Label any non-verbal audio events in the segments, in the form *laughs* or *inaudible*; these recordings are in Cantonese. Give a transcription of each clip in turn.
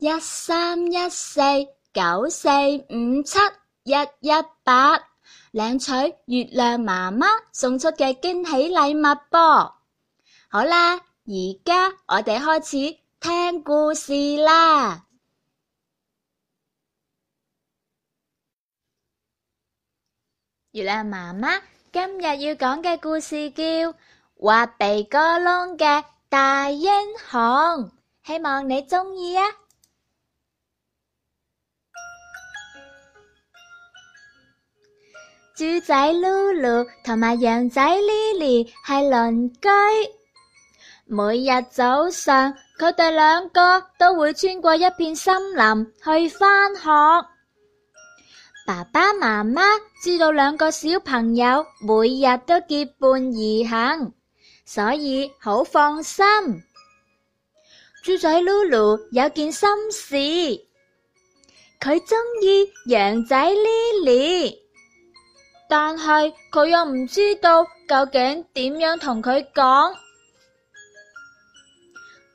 一三一四九四五七一一八，領取月亮媽媽送出嘅驚喜禮物啵。好啦，而家我哋開始聽故事啦。月亮媽媽今日要講嘅故事叫挖鼻哥窿嘅大英雄，希望你鍾意啊！豬仔 Lulu 同埋羊仔 Lily 係鄰居，每日早上佢哋兩個都會穿過一片森林去返學。爸爸媽媽知道兩個小朋友每日都結伴而行，所以好放心。豬仔 Lulu 有件心事，佢鍾意羊仔 Lily。但係佢又唔知道究竟點樣同佢講。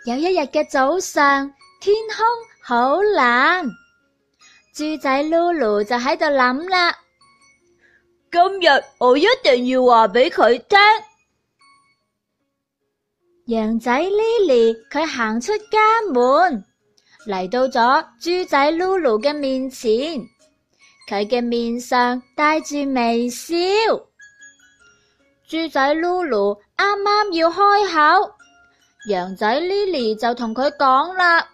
有一日嘅早上，天空好冷，豬仔 Lulu 就喺度諗啦。今日我一定要話俾佢聽。羊仔 Lily 佢行出家門，嚟到咗豬仔 Lulu 嘅面前。佢嘅面上帶住微笑，豬仔 Lulu 啱啱要開口，羊仔 Lily 就同佢講啦：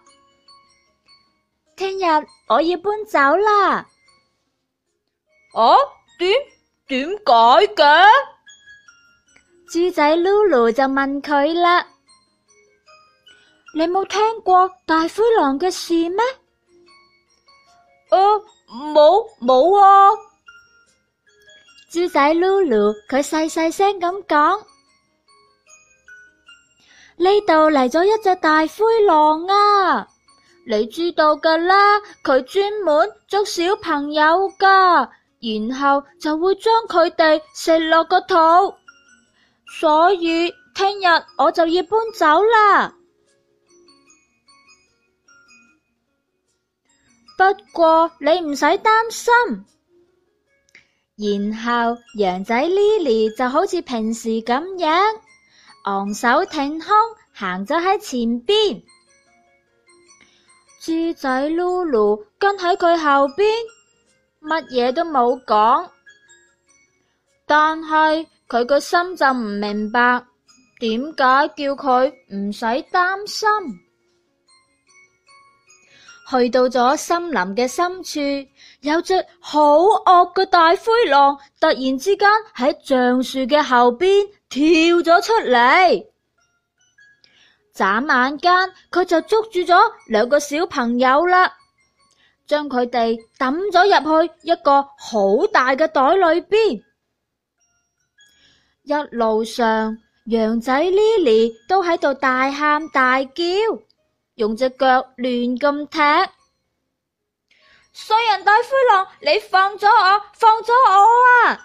聽日我要搬走啦。哦、啊，點點解㗎？豬仔 Lulu 就問佢啦：啊、你冇聽過大灰狼嘅事咩？哦、啊。冇冇啊！豬仔 Lulu 佢細細聲咁講：呢度嚟咗一隻大灰狼啊！你知道噶啦，佢專門捉小朋友噶，然後就會將佢哋食落個肚。所以聽日我就要搬走啦。不過你唔使擔心。然後羊仔 Lily 就好似平時咁樣，昂首挺胸行咗喺前邊，豬仔 Lulu 跟喺佢後邊，乜嘢都冇講。但係佢個心就唔明白，點解叫佢唔使擔心？去到咗森林嘅深處，有隻好惡嘅大灰狼突然之間喺橡樹嘅後邊跳咗出嚟，眨眼間佢就捉住咗兩個小朋友啦，將佢哋抌咗入去一個好大嘅袋裏邊。一路上，羊仔 Lily 都喺度大喊大叫。用隻腳亂咁踢，衰人大灰狼，你放咗我，放咗我啊！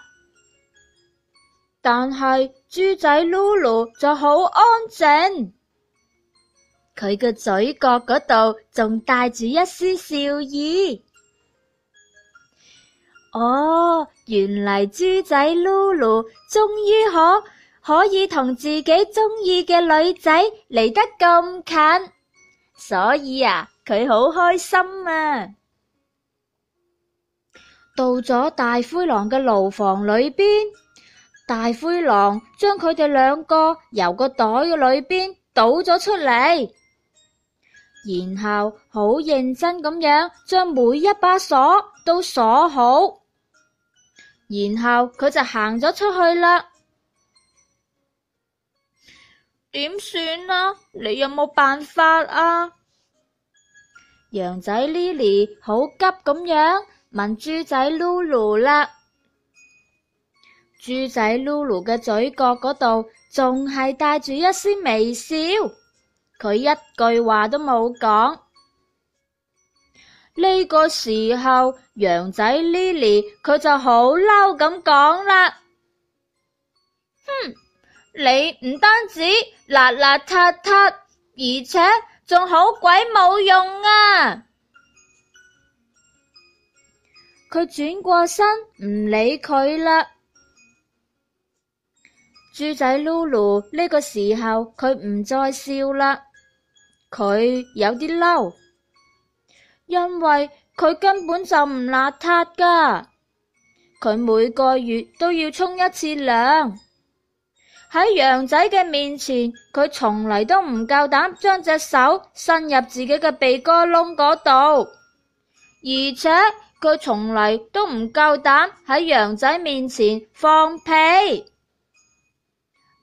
但係豬仔嚕嚕就好安靜，佢嘅嘴角嗰度仲帶住一絲笑意。哦，原來豬仔嚕嚕終於可可以同自己中意嘅女仔離得咁近。所以啊，佢好開心啊！到咗大灰狼嘅牢房裏邊，大灰狼將佢哋兩個由個袋嘅裏邊倒咗出嚟，然後好認真咁樣將每一把鎖都鎖好，然後佢就行咗出去啦。點算啊？你有冇辦法啊？羊仔 Lily 好急咁樣問豬仔 Lulu 啦。豬仔 Lulu 嘅嘴角嗰度仲係帶住一絲微笑，佢一句話都冇講。呢個時候，羊仔 Lily 佢就好嬲咁講啦：哼、嗯！你唔單止邋邋遢遢，而且仲好鬼冇用啊！佢轉過身唔理佢啦。豬仔嚕嚕呢個時候佢唔再笑啦，佢有啲嬲，因為佢根本就唔邋遢㗎，佢每個月都要沖一次涼。喺羊仔嘅面前，佢從嚟都唔夠膽將隻手伸入自己嘅鼻哥窿嗰度，而且佢從嚟都唔夠膽喺羊仔面前放屁，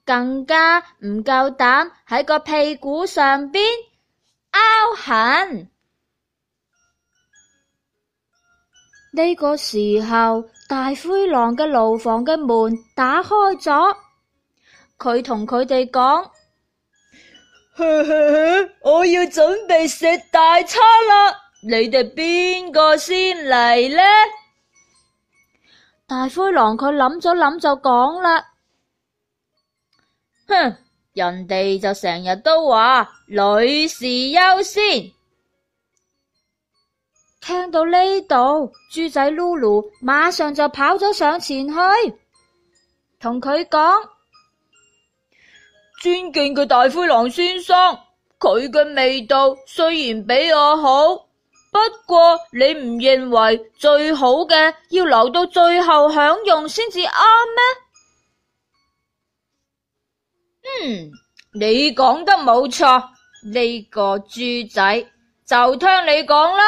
更加唔夠膽喺個屁股上邊拗痕。呢個時候，大灰狼嘅牢房嘅門打開咗。佢同佢哋講： *laughs* 我要準備食大餐啦！你哋邊個先嚟呢？」大灰狼佢諗咗諗就講啦：哼， *laughs* 人哋就成日都話女士優先。聽到呢度，豬仔 Lulu 馬上就跑咗上前去，同佢講。尊敬嘅大灰狼先生，佢嘅味道雖然比我好，不過你唔認為最好嘅要留到最後享用先至啱咩？嗯，你講得冇錯，呢個豬仔就聽你講啦。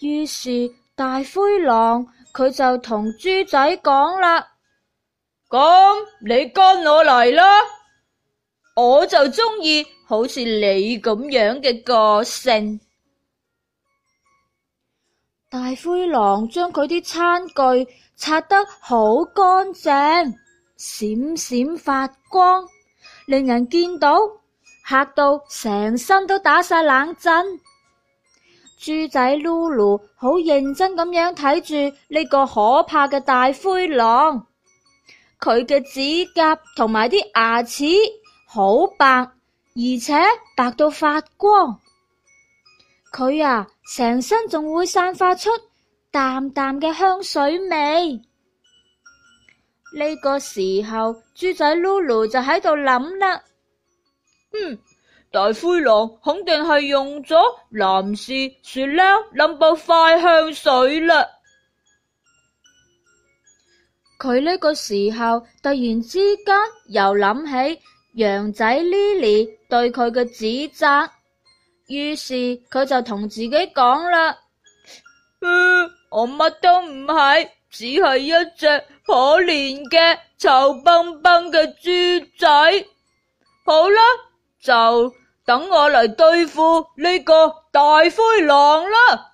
於是大灰狼佢就同豬仔講啦。咁你跟我嚟啦，我就中意好似你咁樣嘅個性。大灰狼將佢啲餐具擦得好乾淨，閃閃發光，令人見到嚇到成身都打晒冷震。豬仔 l u 好認真咁樣睇住呢個可怕嘅大灰狼。佢嘅指甲同埋啲牙齒好白，而且白到發光。佢啊，成身仲會散發出淡淡嘅香水味。呢個時候，豬仔 Lulu 就喺度諗啦：嗯，大灰狼肯定係用咗男士雪嬲林部快香水啦。佢呢個時候突然之間又諗起羊仔 Lily 對佢嘅指責，於是佢就同自己講啦：嗯，我乜都唔係，只係一隻可憐嘅醜崩崩嘅豬仔。好啦，就等我嚟對付呢個大灰狼啦！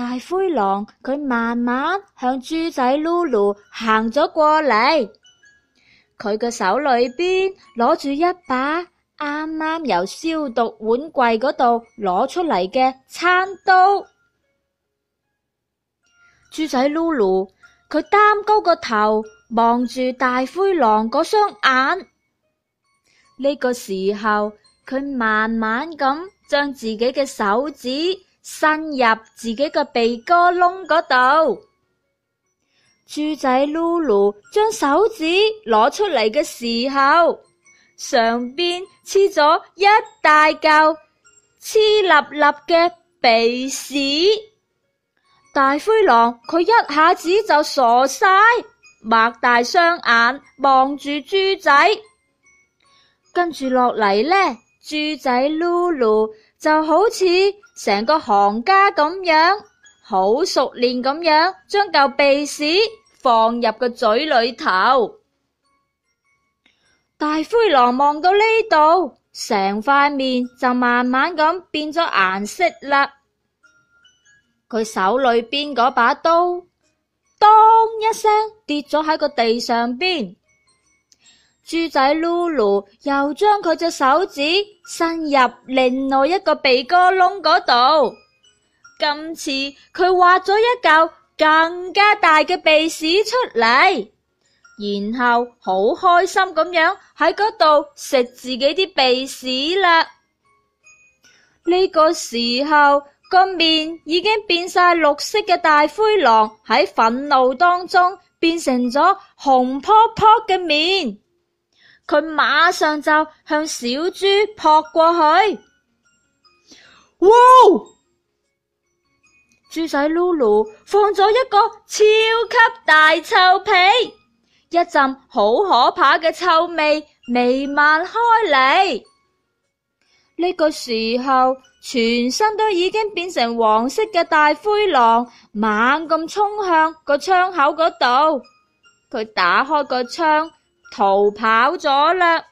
大灰狼佢慢慢向豬仔嚕嚕行咗過嚟，佢嘅手裏邊攞住一把啱啱由消毒碗櫃嗰度攞出嚟嘅餐刀。豬仔嚕嚕佢擔高個頭望住大灰狼嗰雙眼，呢、這個時候佢慢慢咁將自己嘅手指伸入自己嘅鼻哥窿嗰度，豬仔嚕嚕將手指攞出嚟嘅時候，上邊黐咗一大嚿黐立立嘅鼻屎。大灰狼佢一下子就傻晒，擘大雙眼望住豬仔，跟住落嚟呢，豬仔嚕嚕。就好似成個行家咁樣，好熟練咁樣將嚿鼻屎放入個嘴裏頭。大灰狼望到呢度，成塊面就慢慢咁變咗顏色啦。佢手裏邊嗰把刀，當一聲跌咗喺個地上邊。豬仔 Lulu 又將佢隻手指伸入另外一個鼻哥窿嗰度，今次佢挖咗一嚿更加大嘅鼻屎出嚟，然後好開心咁樣喺嗰度食自己啲鼻屎啦。呢個時候個面已經變晒綠色嘅大灰狼喺憤怒當中變成咗紅撲撲嘅面。佢馬上就向小豬撲過去。哇！豬仔嚕嚕放咗一個超級大臭屁，一陣好可怕嘅臭味彌漫開嚟。呢個時候，全身都已經變成黃色嘅大灰狼猛咁衝向個窗口嗰度。佢打開個窗。逃跑咗啦，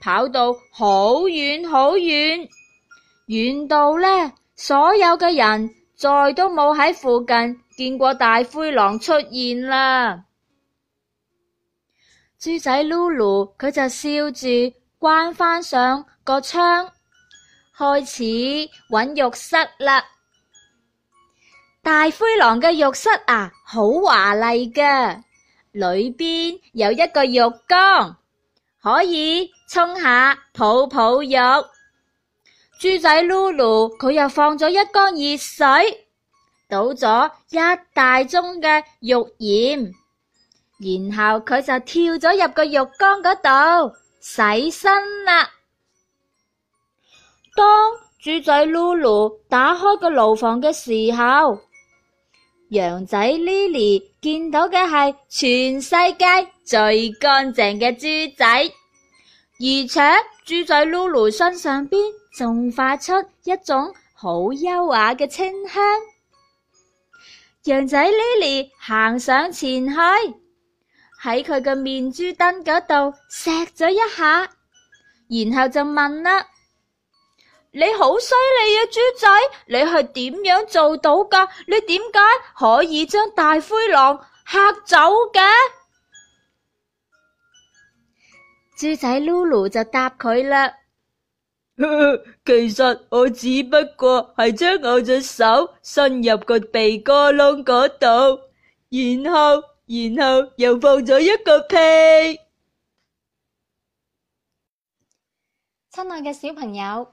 跑到好遠好遠，遠到呢，所有嘅人再都冇喺附近見過大灰狼出現啦。豬仔 Lulu 佢就笑住關翻上個窗，開始揾浴室啦。大灰狼嘅浴室啊，好華麗嘅。裏邊有一個浴缸，可以沖下泡泡浴。豬仔嚕嚕佢又放咗一缸熱水，倒咗一大盅嘅浴鹽，然後佢就跳咗入個浴缸嗰度洗身啦。當豬仔嚕嚕打開個爐房嘅時候，羊仔 Lily 見到嘅係全世界最乾淨嘅豬仔，而且豬仔 Lulu 身上邊，仲發出一種好優雅嘅清香。羊仔 Lily 行上前去，喺佢嘅面珠墩嗰度錫咗一下，然後就問啦。你好犀利啊，豬仔！你係點樣做到㗎？你點解可以將大灰狼嚇走嘅？豬仔 Lulu 就答佢啦。 *laughs* 其實我只不過係將我隻手伸入個鼻哥窿嗰度，然後然後又放咗一個屁。親愛嘅小朋友。